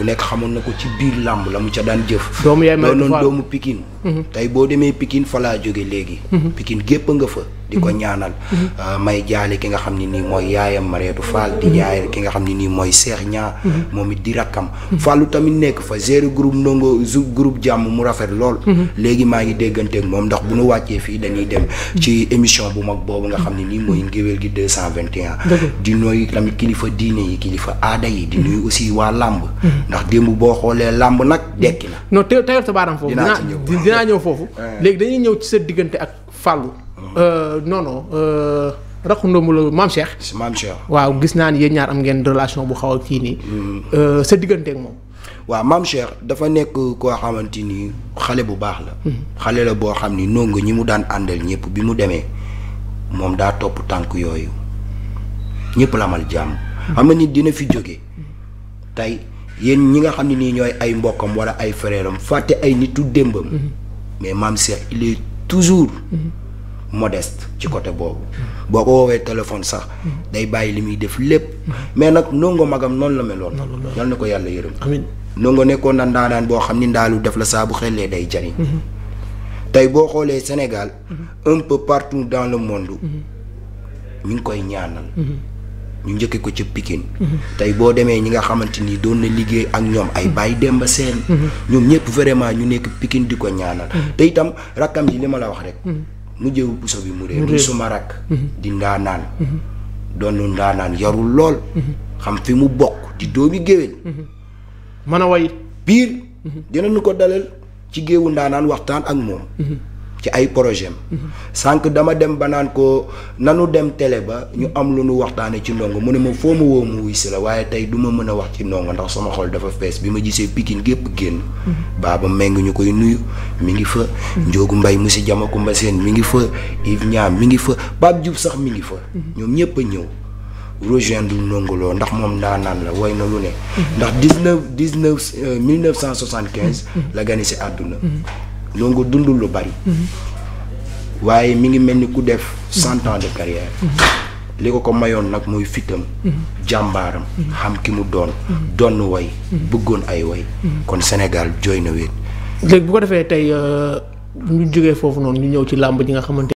bu nekk xamoon na ko ci biir làmb la mu ca daan jëf. doomu yaay noonu doomu pikin mhm. tey boo demee pikin fa laa jóge léegi. Mhm. pikin gépp nga fa. di ko mhm. ñaanal. Euh, may jaale ki nga xam ne nii mooy yaayam Mareetu Fall di jaayal ki nga xam ne nii mooy Seex ñaa moom it di rakkam. Fallu tamit nekk fa gérer groupe ndongo groupe jàmm mu rafet lool. léegi maa ngi dégganteeg moom ndax bu nu wàccee fii dañuy dem. ci émission bu mag boobu nga xam ne nii mooy ngéwél gi 221. di nuyu tamit kilifa diine yi kilifa aada yi. di nuyu aussi waa làmb ndax démb boo xoolee làmb nag dekki na. non te tegal sa baaraam foofu. dinaa dinaa ñëw foofu. Eh. léegi dañuy ñëw ci sa diggante ak Fallou. noonu uh-huh. euh, non euh, rakku ndomb la maam Cheikh. si waaw gis naa ni yéen ñaar am ngeen relation bu xaw a kii nii. Mm. Euh, sa diggante ak moom. waaw maam Cheikh dafa nekk koo xamante ni xale bu baax la. Mm-hmm. xale la boo xam ni ndongo ñi mu daan àndal ñëpp bi mu demee moom daa topp tànk yooyu ñëpp la amal jàmm. Mm-hmm. xam nga nit dina fi jóge mm-hmm. tey ñi nga xamni ni ñoy ay mbokam wala ay faté ay mhm. mais il est toujours. Mhm. modeste ci côté mhm. bobu boko téléphone sax. day li def mais nak nongo magam non la meloon. yal na na def la Sénégal. un peu partout dans le monde. koy ñaanal. ñu njëkkee ko ca Pikine tey boo demee ñi nga xamante ni doon na liggéey ak ñoom ay Baye Demba Seen ñoom ñëpp vraiment ñu nekk Pikine di ko ñaanal te itam rakkam ji li ma la wax rek mu jëw puso bi mu réer suma rakk di ndaanaan doon ndaanaan yarul lool xam fi mu bokk di doomi géwél mën a way biir dinañu ko dalal ci géewu ndaanaan waxtaan ak moom ci ay projet am mhm. sànq dama dem ba naan ko nanu dem télé ba ñu am lu nu waxtaane ci ndongo mu ne ma foo ma woo mu wuy la waaye tey du ma mën a wax ci ndongo ndax sama xol dafa fees bi ma gisee Pikine gépp génn mhm. baaba meng ñu koy nuyu mi ngi fa mhm. njoogu mbay mu si jama kumba seen mi ngi fa Yves Niam mi ngi fa Pape Diouf sax mi ngi fa ñoom ñëpp ñëw ñëw rejoindre Ndongo Lo ndax moom ndaanaan la woy na lu ne ndax dix-neuf dix-neuf euh, mille neuf cent soixante-quinze la si àdduna loo nga dundul lu bari waaye mi ngi mel ni ku def cent ans de carrière li ko ko mayoon nag mooy fitam jàmbaaram xam ki mu doon doon way bëggoon ay way kon Sénégal jooy na wéet léegi bu ko defee tey euh, ñu jógee foofu noonu ñu ñëw ci làmb ji nga xamante